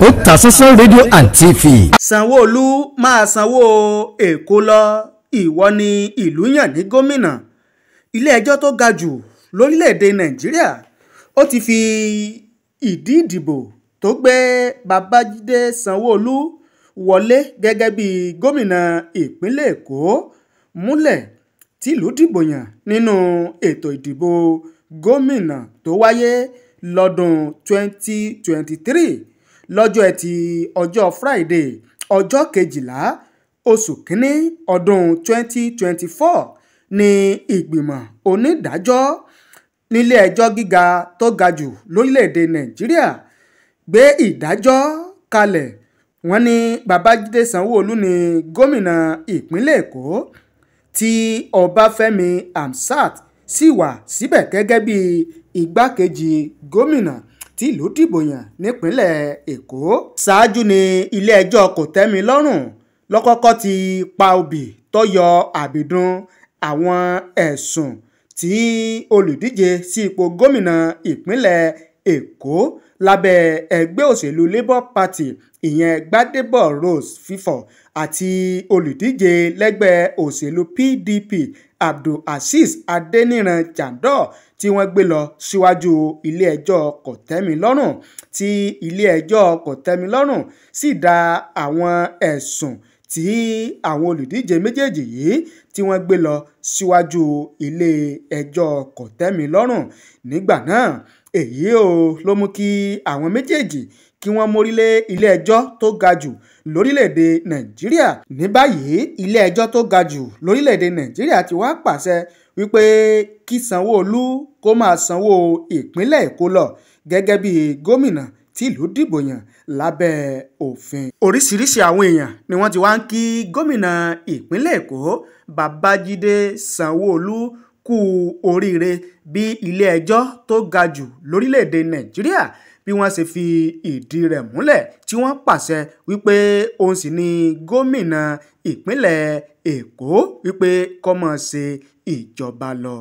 Otasansan rédíò and TV. Sanwó-Olú máa sanwó Èkó lọ ìwọ ni ìlú yàn ní gómìnà ilé-ẹjọ́ tó ga jù lórílẹ̀‐èdè Nàìjíríà ó ti fi ìdí ìdìbò tó gbé Babájídé Sanwó-Olú wọlé gẹ́gẹ́ bí gómìnà ìpínlẹ̀ Èkó múlẹ̀ tìlú dìbò yàn nínú ètò ìdìbò gómìnà tó wáyé lọ́dún 2023 lọ́jọ́ ẹtì ọjọ́ friday ọjọ́ kejìlá oṣù kínní ọdún 2024 ni ìgbìmọ̀ onídàájọ́ nílé ẹjọ́ gíga tó ga jù lórílẹ̀‐èdè nàìjíríà gbé ìdájọ́ kalẹ̀ wọ́n ní babájídé sanwóolu ní gómìnà ìpínlẹ̀ èkó tí ọbáfẹ́mi hamsat sì wà síbẹ̀ gẹ́gẹ́ bí igbákejì gómìnà tìlú dìbò yàn nípínlẹ̀ èkó ṣáájú ni ilé-ẹjọ́ kòtẹ́milọ́rùn lọ́kọ́kọ́ ti pa obì tó yọ àbìdún àwọn ẹ̀sùn tí olùdíje sí ipò gómìnà ìpínlẹ̀ èkó lábẹ́ ẹgbẹ́ òṣèlú labour party ìyẹn gbadebo rose fífọ̀ àti olùdíje lẹ́gbẹ́ òṣèlú pdp abdulazeez adẹniran jandor tí wọ́n gbé lọ síwájú ilé-ẹjọ́ kòtẹ́milọ́rùn tí ilé-ẹjọ́ kòtẹ́milọ́rùn sì dá àwọn ẹ̀sùn e tí àwọn olùdíje méjèèjì yìí tí wọ́n gbé lọ síwájú ilé ẹjọ́ kòtẹ́milọ́rùn nígbà náà èyí ò ló mú kí àwọn méjèèjì kí wọ́n mórílé ilé ẹjọ́ tó ga jù lórílẹ̀‐èdè nàìjíríà ní báyìí ilé ẹjọ́ tó ga jù lórílẹ̀‐èdè nàìjíríà ti wá pàṣẹ wípé kí sanwó-olú kó máa sanwó ìpínlẹ̀ èkó lọ gẹ́gẹ́ bí gómìnà tìlú dìbò yàn lábẹ́ òfin. oríṣiríṣi àwọn èèyàn ni wọ́n ti wá ń kí gómìnà ìpínlẹ̀ èkó babájídé sanwó-olú kú oríire bí ilé-ẹjọ́ tó ga jù lórílẹ̀‐èdè nàìjíríà bí wọ́n ṣe fi ìdí rẹ̀ múlẹ̀ tí wọ́n pàṣẹ wípé òun sì ni gómìnà ìpínlẹ̀ èkó wípé kọ́mọ ṣe ìjọba lọ.